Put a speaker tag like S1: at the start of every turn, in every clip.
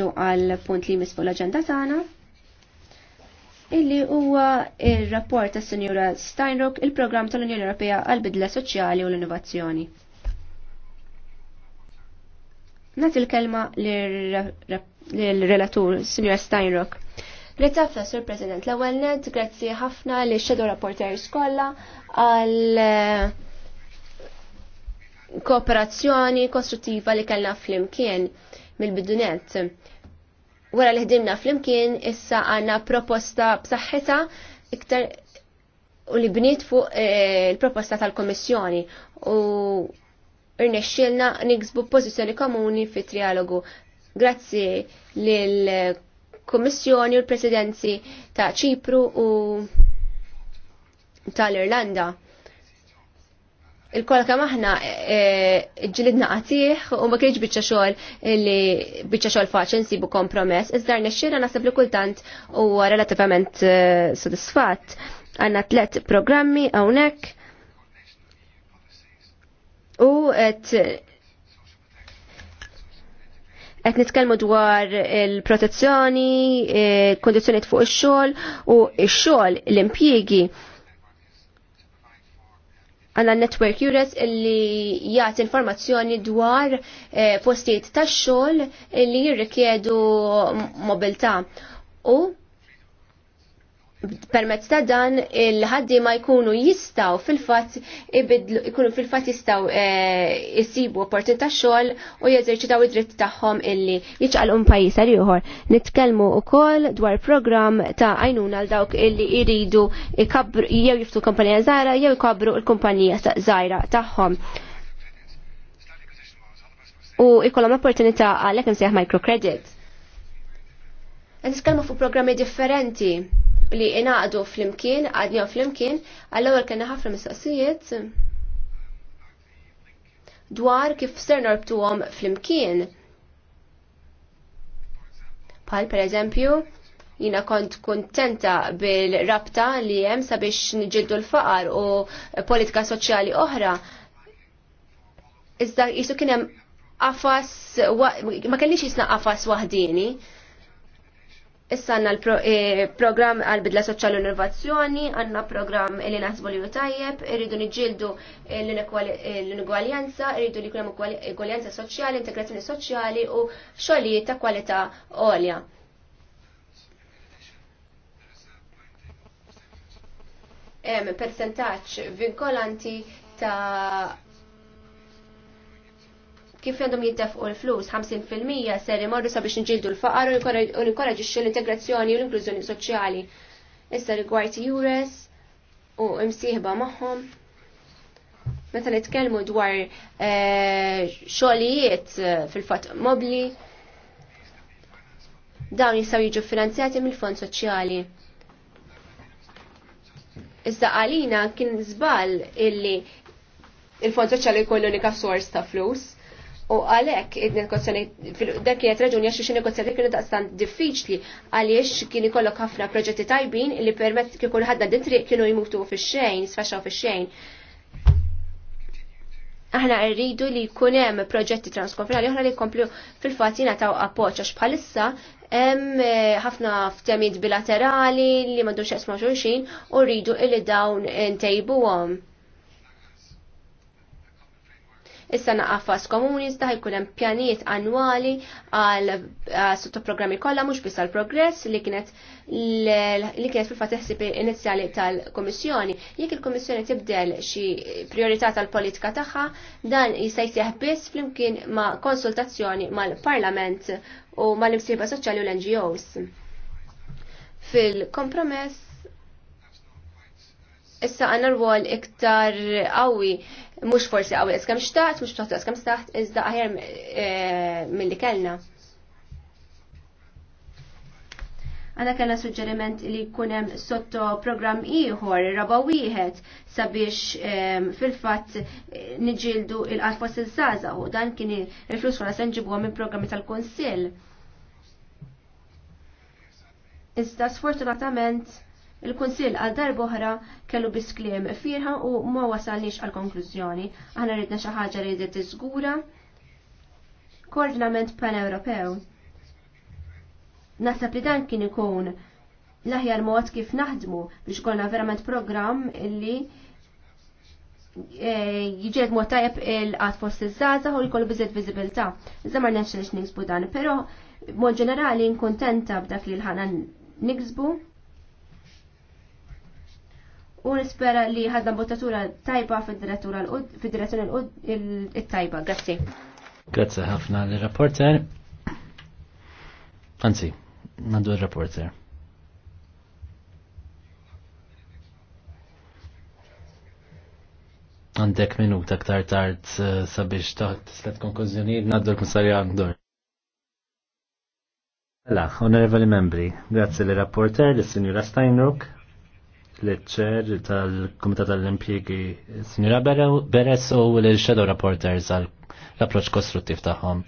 S1: Tu għal punt li misfu l-agenda tagħna illi huwa il rapport tas Sinjura Steinrock il-programm tal-Unjoni Ewropea għal bidla soċjali u l-innovazzjoni. Nagħti l-kelma lir-relatur Sinjura Steinrock. Grazie ħafna, Sur President. L-ewwel net, grazzi ħafna li xedu rapporteri kollha għal kooperazzjoni kostruttiva li kellna flimkien mill-bidunet. Wara li ħdimna flimkien issa għandna proposta b'saħħitha iktar u li bniet fuq eh, il-proposta tal-Komissjoni u rnexxilna niksbu pożizzjoni komuni fit trialogu grazzi lil Komissjoni u l-Presidenzi ta' Ċipru u tal-Irlanda il kolka maħna e, e, ġilidna għatiħ u ma kienx bieċa xogħol li bieċa xogħol faċli nsibu kompromess, iżda nexxiera naħseb li kultant huwa relattivament e, sodisfatt. Għandna tlet programmi hawnhekk u għet qed nitkellmu dwar il-protezzjoni, kondizzjonijiet fuq ix-xogħol u ix xogħol l-impjiegi. Il għanna Network Jures illi jgħat informazzjoni dwar eh, postijiet tax xogħol li jirrikjedu mobilità. U permezz ta' dan il-ħaddiema jkunu jistaw fil-fatt jkunu fil-fatt jistaw eh, jisibu opportunità xogħol u jeżerċitaw id-dritt tagħhom illi jiċqalqu pajjiżar għal ieħor. Nitkellmu wkoll dwar programm ta' għajnuna għal dawk illi jridu jew jiftu kompanija żgħira jew jkabru l-kumpanija żgħira tagħhom u ikollhom l-opportunità għalhekk nsejħ microcredit. nitkellmu fuq programmi differenti li inaqdu fl-imkien, għadnjaw fl-imkien, għallawar kena ħafna mistoqsijiet dwar kif ser għom fl-imkien. Pal per eżempju, jina kont kontenta bil-rabta li hemm sabiex nġiddu l-faqar u politika soċjali oħra. Iżda jisu kien hemm ma kellix jisna għafas waħdini Issa għanna l-program eh, għal-bidla soċjali l-innovazzjoni, għanna program li naħsbu li tajjeb, irridu nġildu l-ingwaljanza, irridu li kunem ingwaljanza soċjali, integrazzjoni soċjali u xogħli ta' kwalità għolja. Hemm percentaġġ vinkolanti ta' kif għandhom jittefqu l-flus, 50% ser imorru sabiex nġildu l-faqar u nkoraġixxu l-integrazzjoni u l-inklużjoni soċjali. Issa rigward Jures u imsieħba magħhom. Meta nitkellmu dwar eh, xogħlijiet eh, fil-fatt mobli, dawn jistgħu jiġu finanzjati mill-fond soċjali. Issa għalina kien żball illi il-fond soċjali jkollu unika sors ta' flus U għalek, id-negozjoni, dak kienet raġuni għax xi negozjoni kienu daqstan diffiċli għaliex kien ikollok ħafna proġetti tajbin li permett kien kull ħadda dintri kienu jmutu fix-xejn, sfaxxaw fix-xejn. Aħna rridu li jkun hemm proġetti transkonfinali oħra li jkomplu fil-fatt jingħataw appoġġ għax bħalissa hemm eh, ħafna ftemijiet bilaterali li m'għandux jaqsma xulxin u rridu illi dawn ntejbuhom. Issa naqafas komuni iżda jkun hemm pjanijiet annwali għal eh, sottoprogrammi kollha mhux biss għall-progress li kienet li kienet fil-fatt teħsib inizjali tal-Kummissjoni. Jekk il-Kummissjoni tibdel xi priorità tal-politika tagħha, dan jista' jsejħ biss flimkien ma' konsultazzjoni mal-Parlament u mal-imsieba soċjali u l-NGOs. Fil-kompromess issa għanna rwol iktar għawi mux forsi għawi eskam xtaqt, mux taħtu eskam xtaqt, iżda għajer eh, mill-li kellna. Għana kellna suġġeriment li kunem sotto program iħor, raba wieħed sabiex eh, fil-fat eh, nġildu il-qalfos il-saza u dan kien il-flus kolla senġibu minn programmi tal-konsil. Iżda sfortunatament Il-Kunsill għal darboħra kellu bisklim firħa u ma wasalniex għal konklużjoni. Aħna ridna xi ħaġa li jrid iżgura koordinament pan-Ewropew. Nasab li dan kien ikun l-aħjar mod kif naħdmu biex kolna verament programm illi e, jġed mod tajjeb il għad fost iż-żaza u jkollu biżiet viżibilità. Iżda ma rnex nix dan, però mod ġenerali nkuntenta b'dak li l-ħana niksbu u nispera li ħadna bottatura tajba fid-direzzjoni il-tajba. Grazzi.
S2: Grazzi ħafna l-rapporter. Anzi, nandu il-rapporter. Għandek minuta ktar tard eh, sabiex taħt s-let konklużjonijiet nandu l-kumsarja għandu. Mela, onorevoli membri, grazie l-rapporter, l-Sinjura Steinrock, l-ċer tal-Komitat tal impjiegi Sinjura Beres u l-Shadow Reporters għal-approċ kostruttiv tagħhom.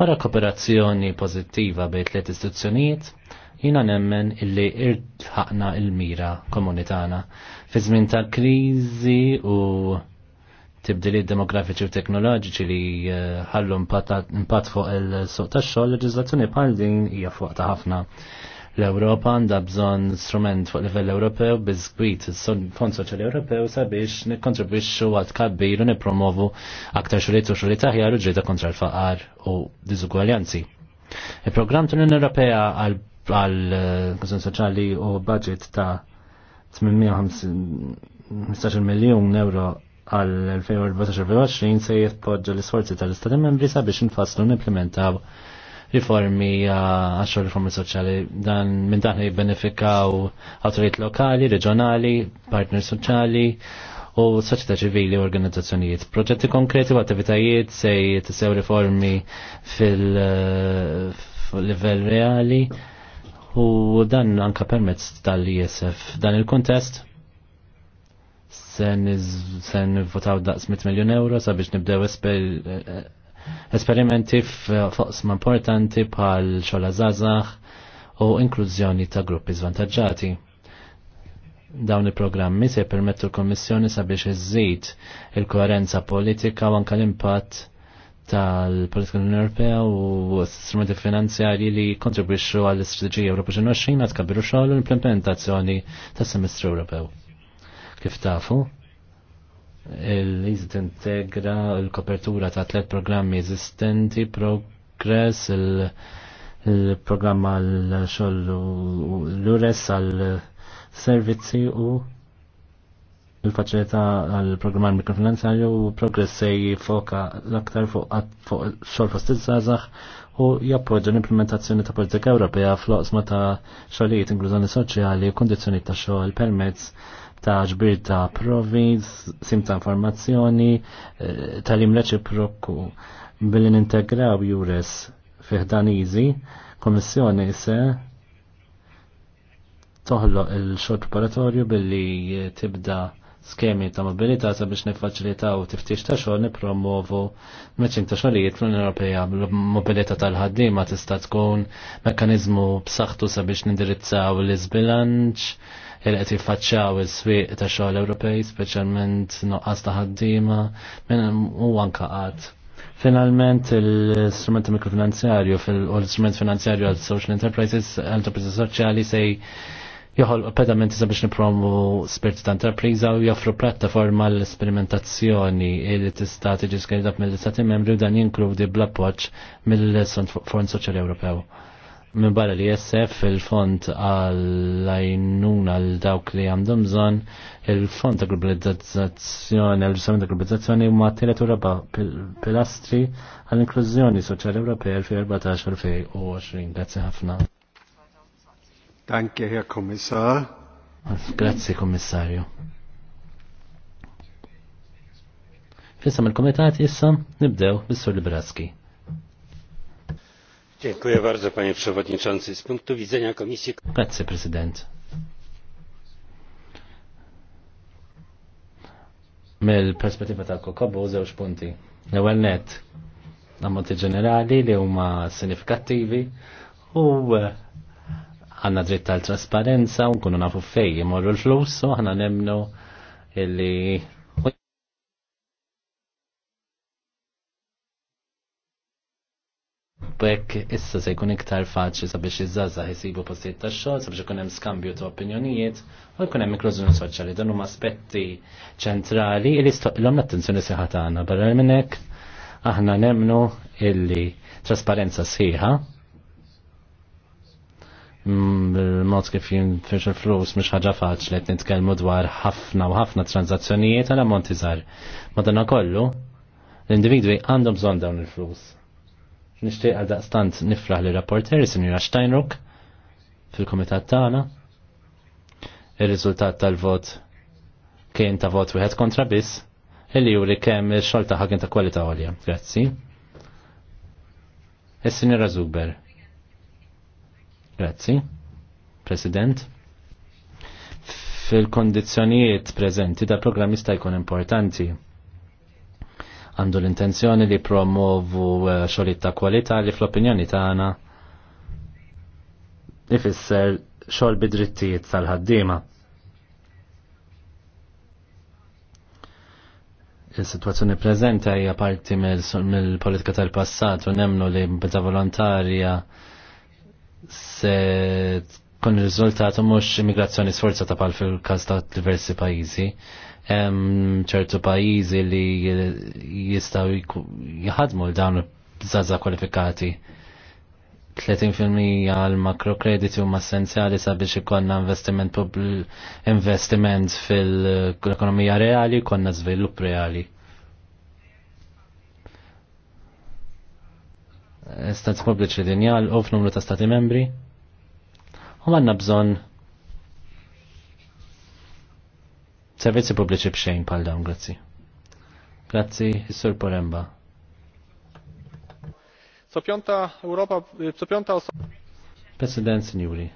S2: Wara kooperazzjoni pozittiva bejn tliet istituzzjonijiet, jina nemmen illi irtħaqna il-mira komunitana. Fi żmien tal-kriżi u tibdiliet demografiċi u teknoloġiċi li eh, ħallu impatt fuq il-suq tax-xogħol, leġiżlazzjoni bħal din hija fuq ta' ħafna. L-Ewropa għandha bżonn strument fuq livell Ewropew biżkwit il-Fond Soċjali Ewropew sabiex nikkontribwixxu għal tkabbir u nippromovu aktar xulit u xulit aħjar u ġrieda kontra l-faqar u diżugwaljanzi. Il-programm tal-Unjoni Ewropea għal-Konsum eh, Soċjali u budget ta' 815 miljon euro għal 2014-2020 se jitpoġġa l-isforzi tal-Istati membri sabiex nfasslu n-implementaw riformi uh, għaxħu riformi soċjali dan minn dan jibbenefikaw autorit lokali, regionali, partner soċjali u soċieta ċivili u organizzazzjonijiet. Proġetti konkreti u attivitajiet se jtisew riformi fil-livell uh, reali u dan anka permezz tal-ISF. Dan il-kontest sen votaw daqs 100 miljon euro sabiex nibdew esperimenti sma importanti bħal xola zazax u inklużjoni ta' gruppi zvantagġati. Dawn il-programmi se permettu l-Kommissjoni sabiex iżżid il-koerenza politika u anka l-impatt tal-politika l-Unjoni Ewropea u strumenti finanzjarji li kontribwixxu għall istrateġija Ewropa 2020 għad kabiru xogħol l-implementazzjoni tas-Semestru Ewropew. Kif tafu, l izdintegra integra kopertura ta' tlet programmi eżistenti, progress, il-programma l-xollu l-ures għal-servizzi u il facilita għal-programma mikrofinanzjarju u progress se jifoka l-aktar fuq xoll fost iż-żazax u jappoġġa l-implementazzjoni ta' politika Ewropea fl-oqsma ta' xogħlijiet inkluzjoni soċjali u ta' xogħol permezz ta' ġbir ta' provi, sim ta' informazzjoni, eh, tal-im reċiproku billi nintegraw jures fiħdanizi, komissjoni se toħloq il-xort preparatorju billi tibda skemi ta' mobilità sabiex nifaċilitaw tiftix ta' xogħol nippromovu meċin ta' xogħlijiet fl-Unjoni Ewropea. Mobilità tal-ħaddiema tista' tkun mekkaniżmu b'saħħtu sabiex nindirizzaw l-iżbilanċ il-qed jiffaċċaw is-swieq ta' xogħol Ewropej, speċjalment noqqas ta' ħaddiema minn huwa nqaqat. Finalment l-istrument mikrofinanzjarju u l istrument finanzjarju għal social enterprises, enterprises soċjali sej joħol pedamenti sabiex nipromu spirit ta' enterprise u joffru plattaforma l-esperimentazzjoni li tista' tiġi skredda mill-istati membri u dan jinkludi bl-appoġġ mill-Fond Soċjali Ewropew minn barra li jessef il-fond għal-lajnuna l-dawk li għandhom zon il-fond ta' globalizzazzjoni, għal-ġusament ta' globalizzazzjoni u t-tiret u raba pilastri għall-inklużjoni soċjali Ewropej 2014-2020. Grazie ħafna. Danke, Herr Kommissar. Grazie, Kommissarju. Fissam il-komitat issa nibdew bis-sur Libraski.
S3: Dziękuję bardzo, panie
S2: przewodniczący. Z punktu widzenia komisji... Grazie, prezydent. Mill-perspettiva tal Kokobo żewġ punti. L-ewwel net ammonti ġenerali li huma sinifikattivi u eh, għandna dritt tal-trasparenza u nkunu nafu fejn imorru l-flus u għanna illi Bekk issa se jkun iktar faċli sabiex iż-żaża jisibu postijiet tax-xogħol sabiex ikun hemm skambju ta' opinjonijiet u jkun hemm inklużjoni soċjali dan huma aspetti ċentrali li stoqilhom l-attenzjoni sieħa tagħna barra minn hekk aħna nemnu illi trasparenza sħiħa mm, mod kif jinfirx il-flus mhux ħaġa faċli qed nitkellmu dwar ħafna u ħafna tranzazzjonijiet għal ammonti żgħar. Madonna kollu l-individwi għandhom bżonn dawn il-flus. Nishtiq għal daqstant nifraħ li rapporteri Sinjura Steinruck fil-komitat tagħna. Ir-riżultat tal-vot kien ta' vot wieħed kontra biss illi juri kemm ix-xogħol ta' ħakin ta' kwalità għolja. Grazzi. Is-Sinjura Zuber. Grazzi. President. Fil-kondizzjonijiet preżenti dal-programm jista' jkun importanti għandu l-intenzjoni li promovu eh, xogħlijiet ta' kwalità li fl-opinjoni tagħna ifisser xogħol bidrittijiet tal-ħaddiema. Il-situazzjoni preżenti hija parti mill-politika tal-passat u nemnu li bidha volontarja se tkun riżultat mhux immigrazzjoni sforzata pal fil-każ ta' diversi pajjiżi ċertu pajizi li jistaw jħadmu l-dawn zaza kwalifikati. 30% għal makrokrediti huma essenzjali sabiex ikonna investiment investiment fil-ekonomija reali, konna żvilupp reali. Stati pubbliċi dinjal u f'numru ta' stati membri. U għanna bżonn servizzi pubbliċi bxejn pal dawn, grazzi. Grazzi, Sur Poremba. Co piąta Europa, co piąta osoba. President Signori.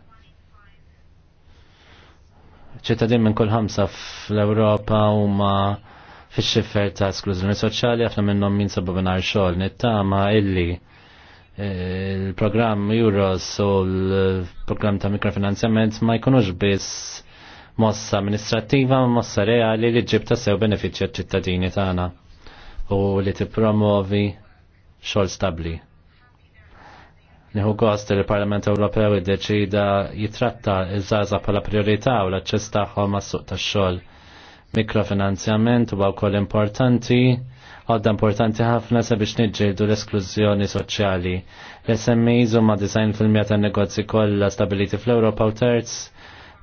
S2: ċittadin minn kull ħamsa fl-Europa huma fix-xifer ta' esklużjoni soċjali ħafna minnhom min sabu minn xogħol nittama illi eh, il-programm Euros u l-programm ta' mikrofinanzjament ma jkunux biss mossa amministrattiva mossa reali li ġib ta' sew benefiċċja ċittadini tagħna u li tippromovi xogħol stabbli. Nieħu gost li l-Parlament Ewropew iddeċida jitratta iż-żgħażagħ bħala priorità u l-aċċess tagħhom għas-suq tax-xogħol. Mikrofinanzjament huwa wkoll importanti għadda importanti ħafna sabiex nidġildu l-esklużjoni soċjali. L-SMEs huma design fil-mija tan negozji kollha stabiliti fl-Ewropa u terz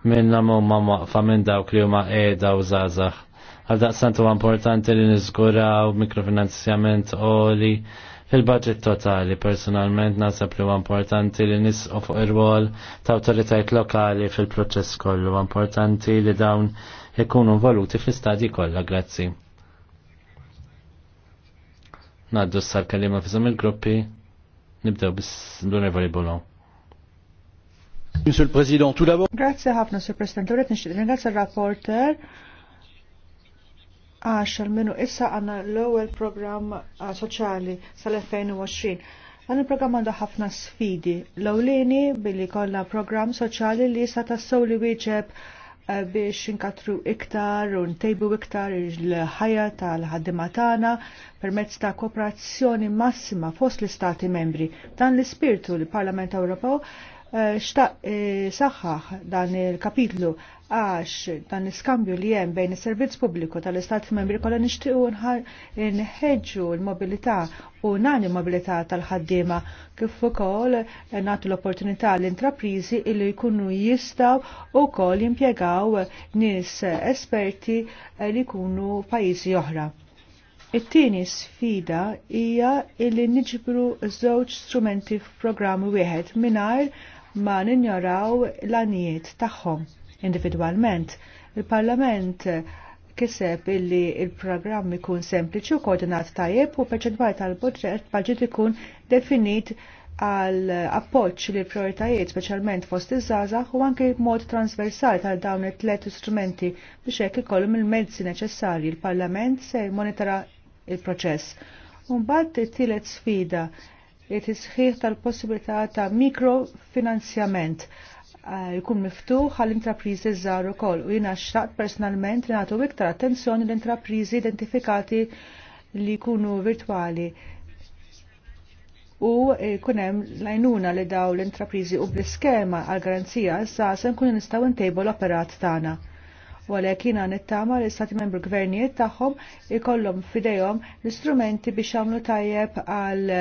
S2: minna mumma maqfa minn dawk li huma qiegħda u żgħażagħ. Għal daqstant huwa importanti li niżguraw mikrofinanzjament oli fil-budget totali personalment nasab li huwa importanti li nisqu fuq ir-rwol ta' awtoritajiet lokali fil-proċess kollu huwa importanti li dawn ikunu involuti fl-istadji kollha grazzi. Naddu s-sar kalima fizom il-gruppi, nibdew bis l-univoli bulon.
S3: Monsieur le Président, tout d'abord. Grazie ħafna, Sur President. Uret nixtieq ringrazzja r-rapporter għax minu issa għanna l-ewwel programm ah, soċjali sal-2020. Dan il-programm għandu ħafna sfidi. L-ewlieni billi kollha programm soċjali li sa tassaw li wieġeb eh, biex nkatru iktar u ntejbu iktar il-ħajja tal-ħaddima tagħna permezz ta' kooperazzjoni massima fost l-Istati membri. Dan l-ispirtu li Parlament Ewropew Eh, xtaq eh, saħħaħ dan il-kapitlu għax dan iskambju li jem bejn is-servizz pubbliku tal-Istat membri kollha nixtiequ nħeġġu l-mobilità u nani mobilità tal-ħaddiema kif ukoll eh, nagħtu l-opportunità l intrapriżi illi jkunu jistgħu wkoll jimpiegaw nies esperti li jkunu pajizi oħra. It-tieni sfida hija illi niġbru żewġ strumenti f'programmi wieħed mingħajr ma ninjoraw l-anijiet tagħhom individwalment. Il-Parlament kiseb illi il-programm ikun sempliċi u koordinat tajjeb u perċentwal tal-budget ikun definit għal appoċ li prioritajiet speċjalment fost iż-żgħażagħ u anke mod transversali tal dawn it-tliet istrumenti biex hekk ikollhom il-mezzi neċessarji l-Parlament se monitora il-proċess. Mbagħad it-tielet sfida it-isħiħ tal-possibilità ta' mikrofinanzjament uh, jkun miftuħ għall intrapriżi żgħar ukoll u jiena xtaqt personalment li nagħtu iktar attenzjoni l-intrapriżi identifikati li jkunu virtwali u jkun hemm lajnuna li daw l-intrapriżi u bl-iskema għal garanzija issa se nkunu nistgħu ntejbu l-operat tagħna u għalhekk jiena nittama li stati membru gvernijiet tagħhom ikollhom f'idejhom l-istrumenti biex jagħmlu tajjeb għal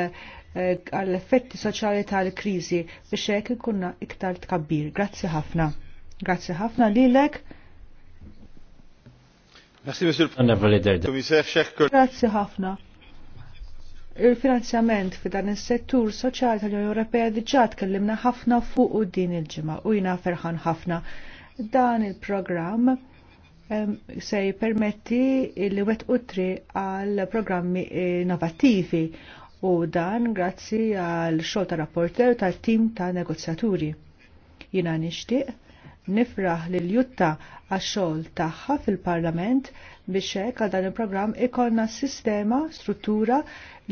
S3: Eh, għall-effetti soċjali tal-kriżi biex hekk ikunna iktar tkabbir. Grazzi ħafna. Grazzi ħafna lilek. Grazzi ħafna. Il-finanzjament fi dan is-settur soċjali tal-Unjoni Ewropea diġà tkellimna ħafna fuq u din il-ġimgħa u jina ferħan ħafna. Dan il-programm se jipermetti il-wet utri għal programmi innovativi u dan grazzi għal xogħol ta' rapporter tal tim ta' negozjaturi. Jina nixtieq nifraħ l Jutta għax-xogħol tagħha fil-Parlament biex hekk għal dan il-programm ikollna sistema, struttura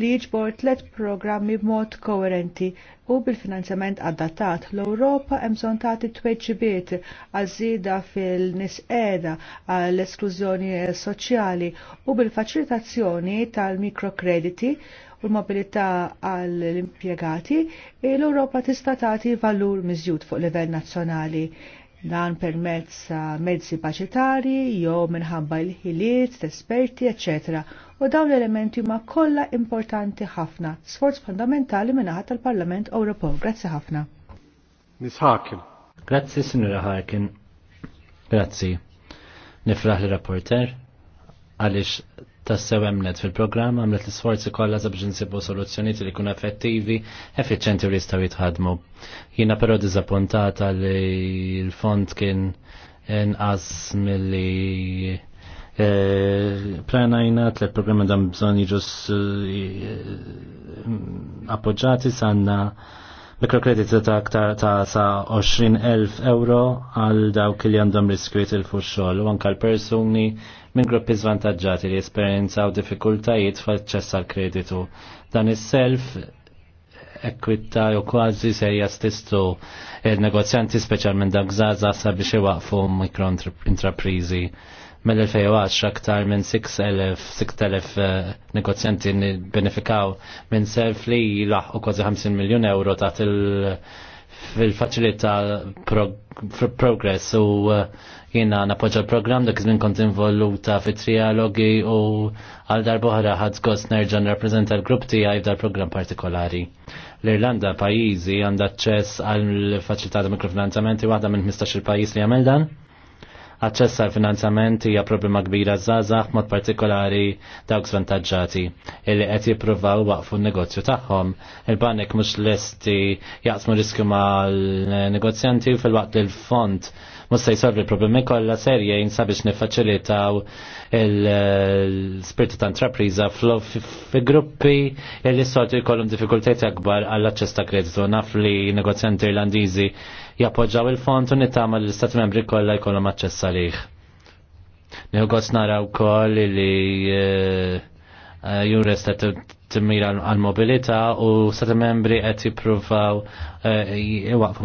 S3: li jiġbor tlet programmi b'mod koherenti u bil-finanzjament adattat. L-Ewropa hemm bżonn tagħti tweġibiet għażida fil-nisqeda għall-esklużjoni soċjali u bil-faċilitazzjoni tal-mikrokrediti u l-mobilità għall-impjegati, l-Europa tista' tagħti valur miżjud fuq livell nazzjonali dan permezz mezzi paċitari, jew minħabba l-ħiliet, esperti, eccetera. U dawn l-elementi ma kollha importanti ħafna, sforz fundamentali minnaħat tal-Parlament Ewropew. Grazzi ħafna.
S2: Miss Harkin. Grazzi, Sinura Harkin. Grazzi. Nifraħ l-rapporter għaliex sew emnet fil-programm għamlet l-sforzi kollha sabiex insibu soluzzjonijiet li jkunu effettivi, effiċenti u jistgħu jitħadmu. Jiena però diżappuntata li l-fond kien inqas milli E, eh, pranajna programmi dan bżon jiġus eh, appoġġati sanna mikrokrediti ta' aktar ta' sa' 20.000 euro għal dawk li għandhom riskwiet il xogħol u anke l-persuni minn gruppi zvantagġati li esperjenzaw diffikultajiet fl-aċċess għal kreditu. Dan is-self ekwitta u kważi serja stistu negozjanti speċjalment dak żgħażagħ sabiex iwaqfu mikrointraprizi. Mill-2010 aktar minn 6,000 eh, negozjanti benefikaw minn self li laħqu kważi 50 miljun euro taħt il faċilità progress u eh, jina napoġa l-program dak żmien kont involuta fi trialogi u għal darbohra ħadd gost nerġa' nirrappreżenta l-grupp tiegħi f'dar program partikolari. L-Irlanda pajjiżi għandha aċċess għal faċilità ta' mikrofinanzamenti waħda minn 15-il pajjiż li jagħmel dan. Aċċess għal finanzamenti hija problema kbira żgħażagħ mod partikolari dawk svantaġġati illi qed jippruvaw waqfu n-negozju tagħhom. Il-banek mhux lesti jaqsmu riskju mal-negozjanti fil-waqt il-fond Musta se jsolvi problemi kollha serje jinsa biex niffaċilitaw il-spirtu ta' intrapriża fi gruppi li s-sotu jkollhom difikultajti akbar għall aċċess ta' kreditu naf li negozjanti Irlandiżi jappoġġaw il-fond u nittama l istat Membri kollha jkollhom aċċess għalih. Nħu nara wkoll li eh, Eh, juris ta' timmira għal-mobilita u sata membri għet jiprufaw eh, iwaqfu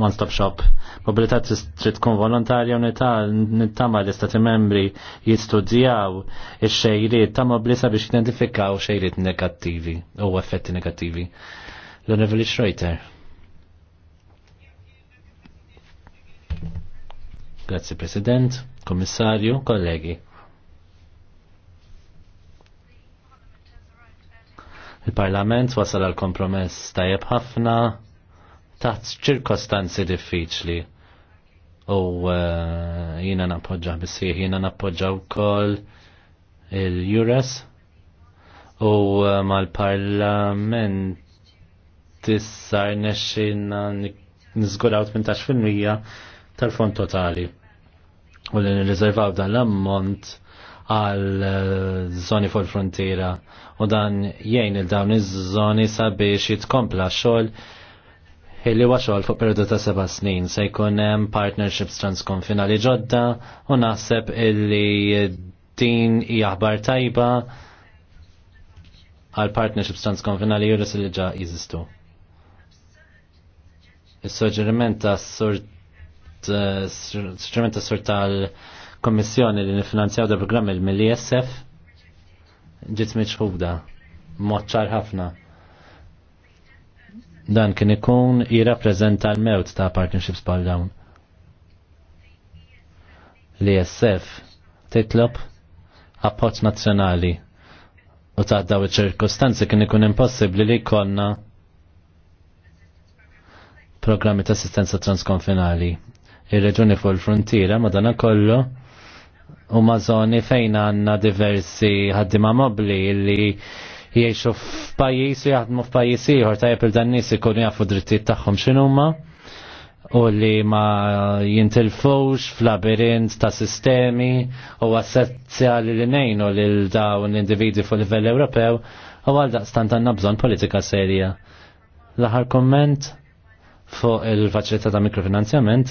S2: one-stop shop. Mobilita trid tkun volontarja u nittama li stati membri jistudjaw il xejrit ta' mobilita biex identifikaw xejrit negattivi u effetti negattivi. L-Onorevoli Schroeter. Grazie President, Kommissarju, kollegi. Il-Parlament wasal għal kompromess tajjeb ħafna taħt ċirkostanzi diffiċli. U uh, jina nappoġġa bisih, jina nappoġġa wkoll il-Jures u uh, mal-Parlament tissar nexxina nizguraw 18% tal-fond totali. U li nirriservaw dan l-ammont għal zoni fuq il-frontiera u dan jgħin il-dawn iż-żoni sabiex jitkompla xogħol illi huwa xogħol fuq periodu ta' seba' snin se jkun hemm partnerships transkonfinali ġodda u naħseb illi din hija aħbar tajba għal partnerships transkonfinali juris li ġa jeżistu. Is-soġġeriment ta' sur ta' sur tal kommissjoni li nifinanzjaw da programmi mill-ISF ġiet miċħuda, moċċar ħafna. Dan kien ikun jirrappreżenta l-mewt ta' partnerships bħal dawn. L-ISF e titlob appoġġ nazzjonali u ta' daw iċ-ċirkostanzi kien ikun impossibbli li jkollna programmi ta' assistenza transkonfinali. il reġuni fuq il-frontiera madana kollu u mażoni fejn għanna diversi ħaddima mobli li jiexu f'pajis u jaħdmu f'pajis ieħor tajjeb il-dan nies ikunu jafu drittijiet tagħhom x'inhuma u li ma jintilfux f'labirint ta' sistemi u għassezzjali li nejnu lil dawn l-individi fuq livell Ewropew u għal daqstant għanna bżon politika serja. l komment fuq il-faċilità ta' mikrofinanzjament,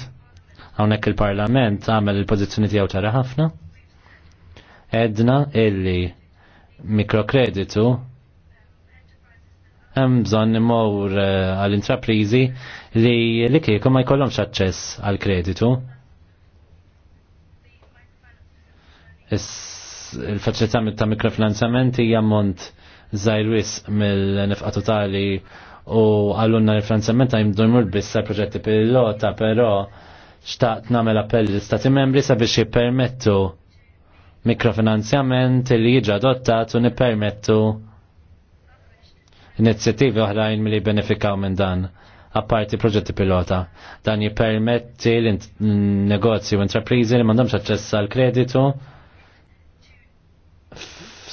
S2: għonek il-parlament għamel il-pozizjoni tijaw ċara ħafna edna illi mikrokreditu hemm bżonn imur eh, għall-intraprizi li li kieku ma jkollhomx aċċess għal kreditu. Il-faċilità ta' mikrofinanzjament hija mont wis mill-nefqa totali u għallunna l-finanzjament ta' jimdurmur bissa proġetti pilota, però xtaqt namel appell l istati membri sabiex jippermettu mikrofinanzjament li jiġi adottat u nippermettu inizjattivi oħrajn milli benefikaw minn dan apparti proġetti pilota. Dan jippermetti l negozju u intraprizi li mandomx aċċess għal kreditu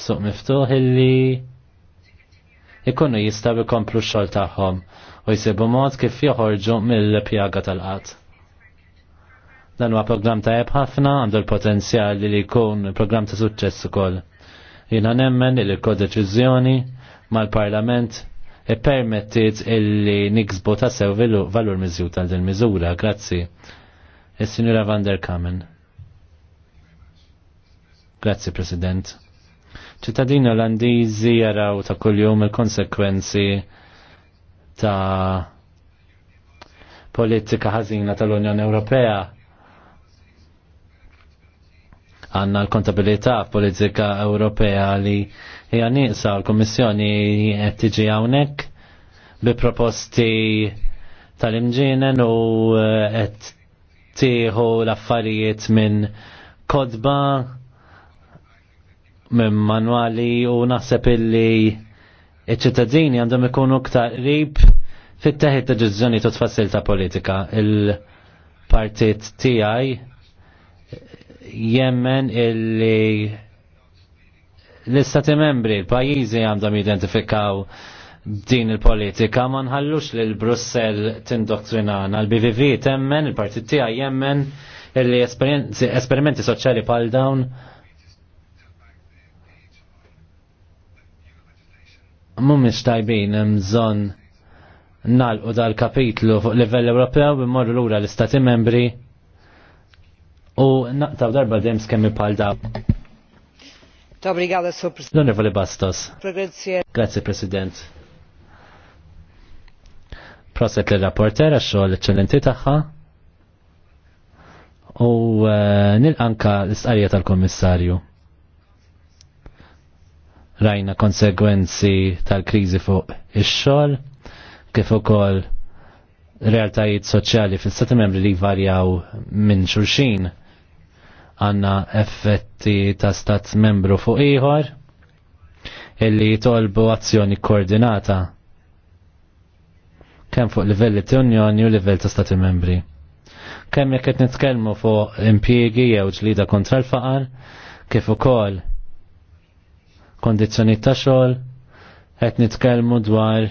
S2: suq miftuħ illi ikunu jistaw ikomplu x-xol tagħhom u jsibu mod kif joħorġu mill-pjaga tal-qatt. Dan huwa programm tajjeb ħafna, għandu l-potenzjal li jkun programm ta' suċċess ukoll. Jiena nemmen li l-kodeċiżjoni mal-Parlament permettit illi niksbu ta' sew valur miżju tal din miżura, grazzi. Is-Sinjura e Van der Kamen. Grazzi, President. ċittadini Olandiżi jaraw ta' kuljum il-konsekwenzi ta' politika ħażina tal-Unjoni Ewropea għanna l-kontabilità politika Ewropea li hija nieqsa l-Kummissjoni qed tiġi hawnhekk bi proposti tal-imġienen u eh, qed tieħu l-affarijiet minn kodba minn manwali u naħseb illi iċ-ċittadini għandhom ikunu ktar qrib fit-teħid deċiżjoni tu tfassil ta' politika. Il-partit tiegħi jemmen illi l-istati membri, l pajizi għandhom jidentifikaw din il-politika ma nħallux li l-Brussel tindoktrinana. L-BVV temmen, il-partit tiegħi jemmen illi esperimenti soċjali pal dawn mumiex tajbin mżon nal dal-kapitlu fuq livell Ewropew l lura l-istati membri u naqtaw darba dem skemmi pal da.
S3: Obrigada, Sr. Presidente.
S2: L'onorevole Bastos. Grazie, President. Proset li rapportera xogħol eċċellenti tagħha. U eh, nil-anka l-istqarrija tal-Kommissarju. Rajna konsegwenzi tal-kriżi fuq ix-xogħol kif ukoll realtajiet soċjali fil-stati membri li varjaw minn xulxin għanna effetti ta' stat membru fuq ieħor illi jitolbu azzjoni koordinata kemm fuq livelli ta' Unjoni u livell ta' Stati membri. Kemm jekk qed nitkellmu fuq impjiegi jew ġlida kontra l-faqar, kif ukoll kondizzjoni ta' xogħol, qed nitkellmu dwar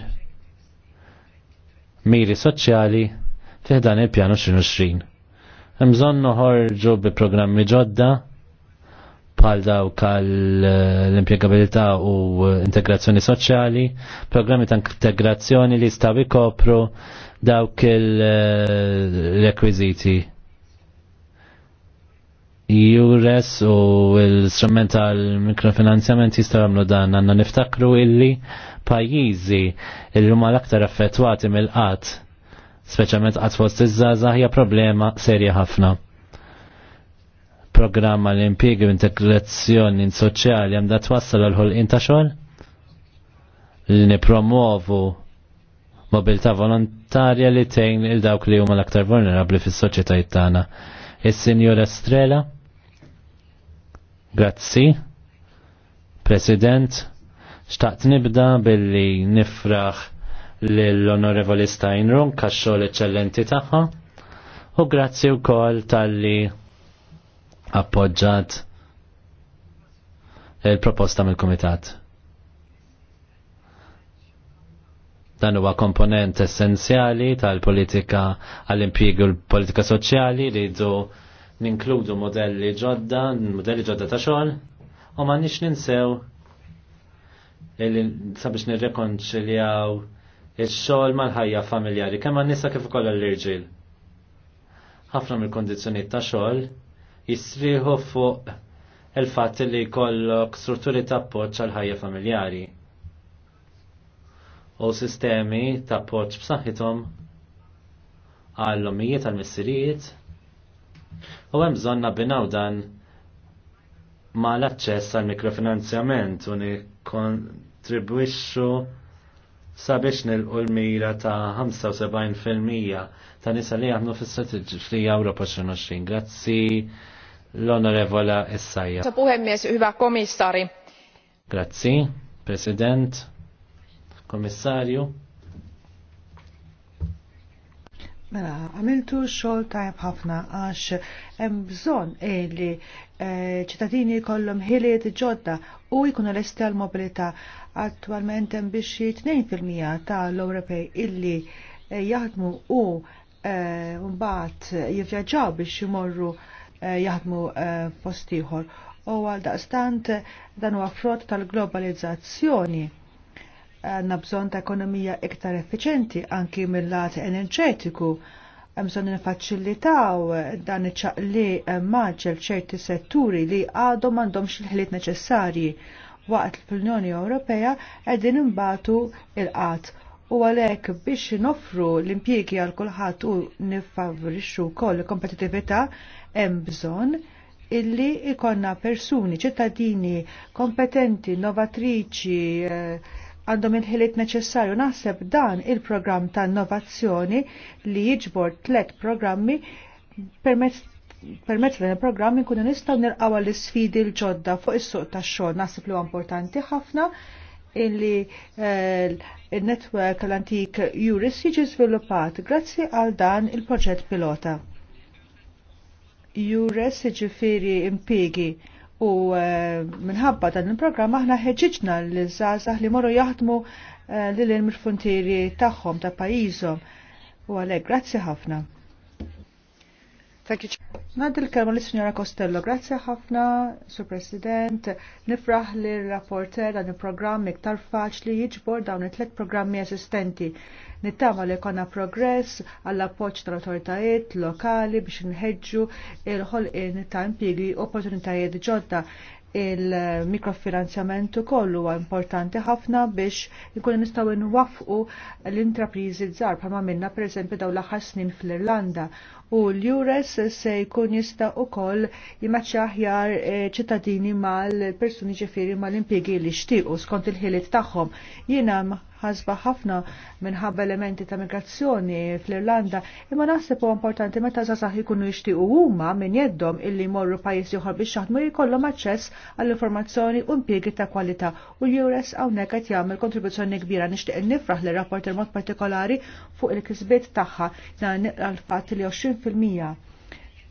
S2: miri soċjali fih dan il-pjanu 2020. Mżon noħorġu bi programmi ġodda bħal dawk eh, l-impiegabilità u integrazzjoni soċjali, programmi ta' integrazzjoni li staw ikopru dawk il-rekwiziti. Eh, Jures u e l-strument l mikrofinanzjament jistaw għamlu dan għanna niftakru illi pajizi il-lum l-aktar affettwati mill-qat speċjalment qatt fost iż żaza hija problema serja ħafna. Programma l-impjegi u integrazzjoni soċjali hemm da twassal għal ħolqien ta' xogħol? Li nipromovu mobilità volontarja li tgħin il dawk li huma l-aktar vulnerabbli fis-soċjetajiet tagħna. Is-Sinjur Estrela? Grazzi. President, xtaqt nibda billi nifraħ l-Onorevoli Steinrum kaxxol eccellenti tagħha u grazzi wkoll tal-li appoġġat il-proposta mill-Kumitat. dan huwa komponent essenzjali tal-politika għall-impjiegu l-politika soċjali li jdu ninkludu modelli ġodda, modelli ġodda ta' xogħol, u ma nix ninsew sabiex nirrekonċiljaw il-xogħol mal-ħajja familjari kemm għan-nisa kif ukoll l-irġiel. Ħafna mill-kondizzjonijiet ta' xogħol jisriħu fuq il-fatt li jkollok strutturi ta' appoġġ għal ħajja familjari u sistemi ta' appoġġ b'saħħithom għall-omijiet għall-missirijiet u hemm bżonn nabbinaw dan mal aċċess għal mikrofinanzjament u nikkontribwixxu sabiex nilqu l-mira ta' 75% ta' nisa li għannu fil-strategija Europa 2020. Grazzi l-onorevola Essaja. Sa'
S3: hyvä komissari.
S2: Grazzi, President, Komissarju.
S3: Mela, għamiltu xol tajb ħafna għax hemm bżonn li eh, ċittadini kollhom ħiliet ġodda u jkunu l-esti mobilità Attwalment hemm biex 2% tal-Ewropej illi eh, jaħdmu u eh, mbagħad jivvjaġġaw biex jmorru jaħdmu postiħor. U għal daqstant dan huwa frott tal-globalizzazzjoni għanna bżon ta' ekonomija iktar effiċenti anki mill-lat enerġetiku. Bżon nifaċilitaw dan iċaqli eh, maġġel ċerti setturi li għadhom għandhomx il neċessarji waqt l-Unjoni Ewropea qegħdin imbatu il-qatt u għalek biex nofru l impjiegi għal kulħadd u nifavorixxu wkoll kompetitività hemm bżonn illi ikonna persuni, ċittadini, kompetenti, novatriċi, eh, għandhom il-ħiliet neċessarju naħseb dan il-programm ta' innovazzjoni li jiġbor tlet programmi permezz permezz dan il programmi kunu nistgħu nirqgħu l sfidi l-ġodda fuq is-suq tax-xogħol naħseb li huwa importanti ħafna illi eh, il-netwerk l-antik Juris jiġi żviluppat grazzi għal dan il-proġett pilota. Juris jiġifieri impiegi. U eh, minħabba dan il-programm aħna ħeġiġna l-żgħażagħ li morru jaħdmu eh, lil il funtieri tagħhom ta' pajjiżhom. U għalhekk grazzi ħafna. Thank you. Nad il-kelma li signora Costello, grazie ħafna, Sur President, nifraħ li rapporter dan il-programm iktar faċli jiġbor dawn it-tlet programmi assistenti. Nittama li konna progress għall appoġġ tal-autoritajiet lokali biex nħedġu il-ħolqin ta' impjegi opportunitajiet ġodda il-mikrofinanzjamentu kollu huwa importanti ħafna biex ikun nistgħu nwaffqu l-intrapriżi żgħar bħalma minna pereżempju dawn l-aħħar snin fl-Irlanda u l-jures se jkun jista u koll jimaċċaħjar aħjar eh, ċittadini mal-persuni ġifiri mal-impiegi li xtiqu skont il-ħiliet tagħhom. Jiena ħasba ħafna minħabba elementi ta' migrazzjoni fl-Irlanda, imma naħseb u importanti meta żasaħ ikunu jixtiequ huma minn jeddhom illi jmorru pajjiż ieħor biex jaħdmu jkollhom aċċess għall-informazzjoni u impjiegi ta' kwalità u l-jures hawnhekk qed jagħmel kontribuzzjoni kbira nixtieq nifraħ li rapport mod partikolari fuq il-kisbiet tagħha dan l-fatt li 20 20%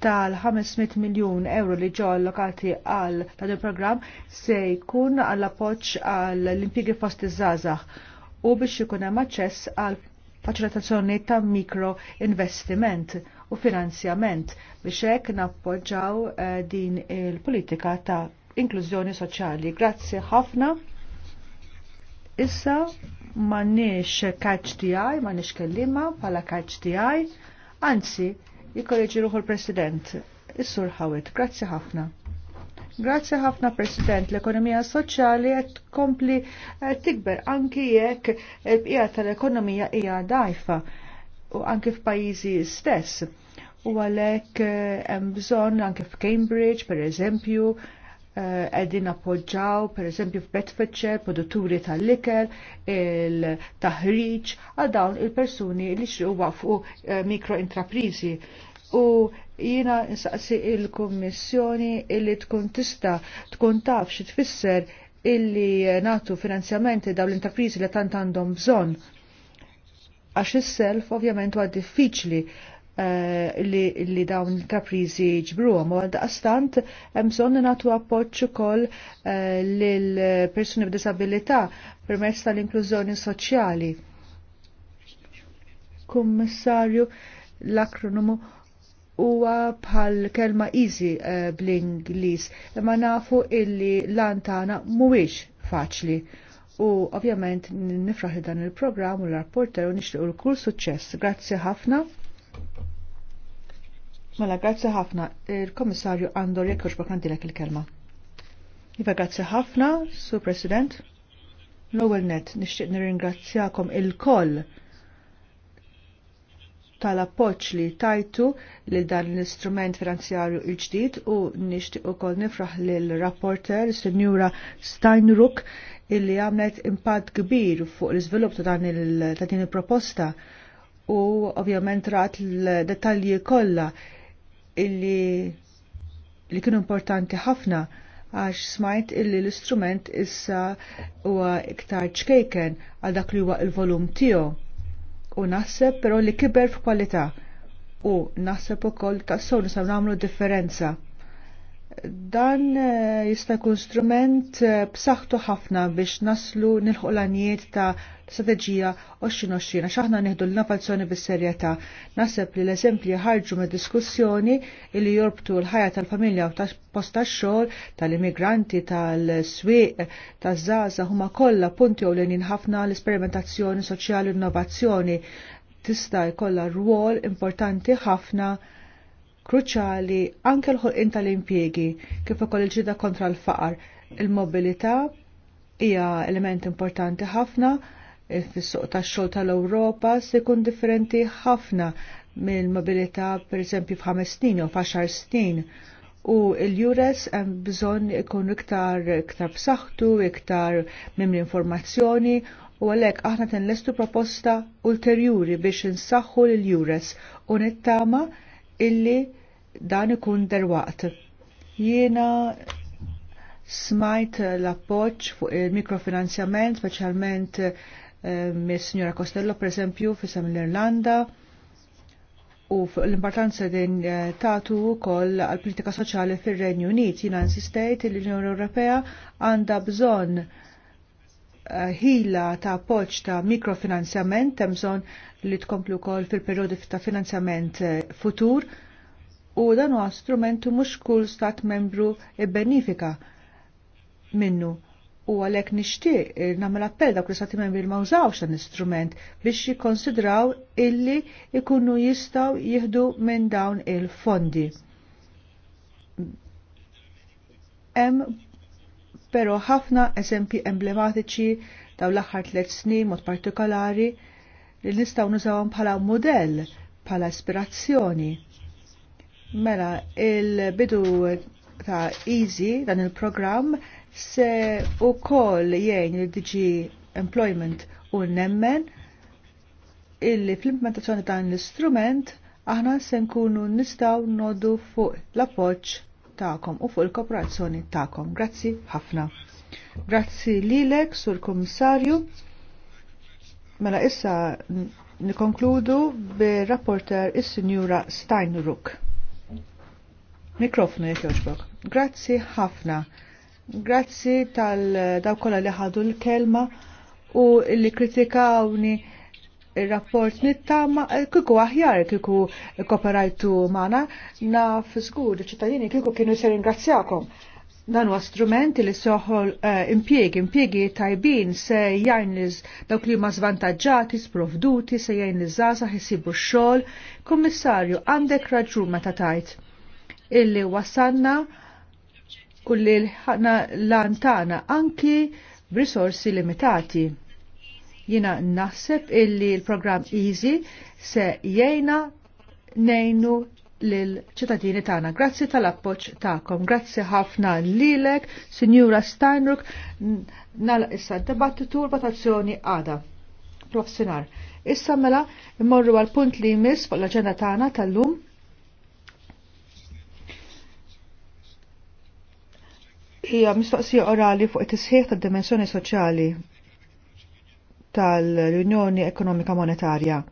S3: tal-500 miljon euro li ġo allokati għal dan il-programm se jkun għall appoġġ għall l-impjiegi fost iż-żgħażagħ u biex ikun hemm aċċess għal faċilitazzjoni ta' mikro investiment u finanzjament biex hekk nappoġġaw eh, din il-politika ta' inklużjoni soċjali. Grazzi ħafna. Issa m'għandniex kaċ tiegħi, m'għandniex kellima bħala kaċ tiegħi, anzi Jikkoreġi ruħu l-President. Is-Sur Hawit, grazzi ħafna. Grazzi ħafna President, l-ekonomija soċjali qed tkompli eh, tikber anki jekk il-bqija tal-ekonomija hija dajfa u anki f'pajjiżi stess. U għalhekk eh, hemm bżonn anke f'Cambridge pereżempju għedin eh, appoġġaw, per eżempju, f'Bedfordshire, produtturi tal-liker, il-taħriġ, għal dawn il-persuni li xriqu waqfu eh, mikrointraprizi. U jina nsaqsi il-kommissjoni illi tkun tista, tkun taf xi tfisser illi natu finanzjamenti daw l-intraprizi li tant għandhom bżonn. Għax is-self ovvjament huwa diffiċli Eh, li, li dawn l-intraprizi ġbruhom u għaldaqstant hemm bżonn nagħtu appoġġ ukoll eh, lil persuni b'disabilità permezz tal-inklużjoni soċjali. Kummissarju l akronomu huwa bħal kelma easy eh, bl-Ingliż, imma nafu illi lantana mhuwiex faċli. U ovvjament nifraħ dan il-programm u l-rapporter u nixtiequ l-kull suċċess. Grazzi ħafna. Mela, grazzi ħafna. Il-Komissarju Andor Jekkox bakandilek il-kelma. Iva, grazzi ħafna, Sur President. L-ewwel net nixtieq nirringrazzjakom il-koll tal-appoġġ li tajtu li dan l-istrument finanzjarju l-ġdid u nixtieq ukoll nifraħ l rapporter Sinjura Steinruck illi għamlet impatt kbir fuq l-iżvilupp ta' dan il-proposta u ovvjament rat l detalji kollha illi li kienu importanti ħafna għax smajt illi l-istrument issa huwa iktar ċkejken għal dak li huwa il-volum tiegħu. U naħseb però li kiber f'kwalità u naħseb ukoll sonu sa nagħmlu differenza dan eh, jista' jkun strument eh, b'saħħtu ħafna biex naslu nilħu l ta' strateġija 2020 għax aħna nieħdu l-innovazzjoni bis-serjetà. Naseb li l-eżempji ħarġu me diskussjoni li jorbtu l-ħajja tal-familja u post tax-xogħol tal-immigranti tal-swieq taż-żgħażagħ huma kollha punti ewlenin ħafna l-esperimentazzjoni soċjali u innovazzjoni tista' jkollha rwol importanti ħafna kruċali anke l-ħolqien tal-impjiegi kif ukoll il-ġida kontra l-faqar. Il-mobilità hija element importanti ħafna eh, fis-suq tax-xogħol tal-Ewropa se jkun differenti ħafna mill-mobilità pereżempju f'ħames snin jew f'għaxar snin. U l-jures hemm bżonn ikun iktar iktar b'saħħtu, iktar minn informazzjoni u għalhekk aħna tenlestu proposta ulterjuri biex insaħħu l-jures u nittama illi dan ikun derwaqt. Jiena smajt l-appoċ fuq il-mikrofinanzjament, specialment eh, mis signora Costello, per esempio, fissam l-Irlanda, u l-importanza din eh, tatu kol għal-politika soċjali fil-Renju Unit. Jina insistejt l-Unjoni Ewropea għanda bżon ħila ta' appoġġ ta' mikrofinanzjament hemm bżonn li tkomplu wkoll fil-perjodi ta' finanzjament futur u dan huwa strumentu mhux kull stat membru benifika minnu u għalhekk nixtieq nagħmel appell dawk l-istati membri li ma użawx dan l-istrument biex jikkonsidraw illi ikunu jistgħu jieħdu minn dawn il-fondi. Hemm pero ħafna eżempji emblematiċi daw l-aħħar tliet snin mod partikolari li nistgħu nużawhom bħala modell bħala ispirazzjoni. Mela, il-bidu ta' Easy dan il-programm se u koll jgħin li dg Employment u nemmen illi fl-implementazzjoni dan l-istrument aħna se nkunu nistaw noddu fuq l-appoċ ta'kom u fuq il-kooperazzjoni ta'kom. Grazzi ħafna. Grazzi lilek, sur Kommissarju. Mela issa nikonkludu bi-rapporter is-sinjura Steinruck. Mikrofonu jek jogħġbok. Grazzi ħafna. Grazzi tal dawkola li ħadu l-kelma u li kritikawni il-rapport nittama eh, kiku aħjar kiku kooperajtu mana na fisgur ċittadini kiku kienu ser ingrazzjakom. Dan huwa strumenti li soħol eh, impiegi, impiegi tajbin se jgħin dawk li ma zvantagġati, sprovduti, se jgħin iż-żaza ħisibu x-xogħol. Kummissarju, għandek raġu ma tajt illi wasanna u li l-antana anki b'risorsi limitati. Jina naħseb illi l-programm Easy se jgħina nejnu l ċittadini tagħna. Grazzi tal-appoġġ tagħkom. Grazzi ħafna lilek, Sinjura Steinruk, nala issa d-debattitu votazzjoni għada. Profsinar. Issa mela immorru għal punt li jmiss fuq l-aġenda tagħna tal-lum. Hija mistoqsija orali fuq it-tisħiħ tad-dimensjoni soċjali tal-Unjoni Ekonomika Monetarja.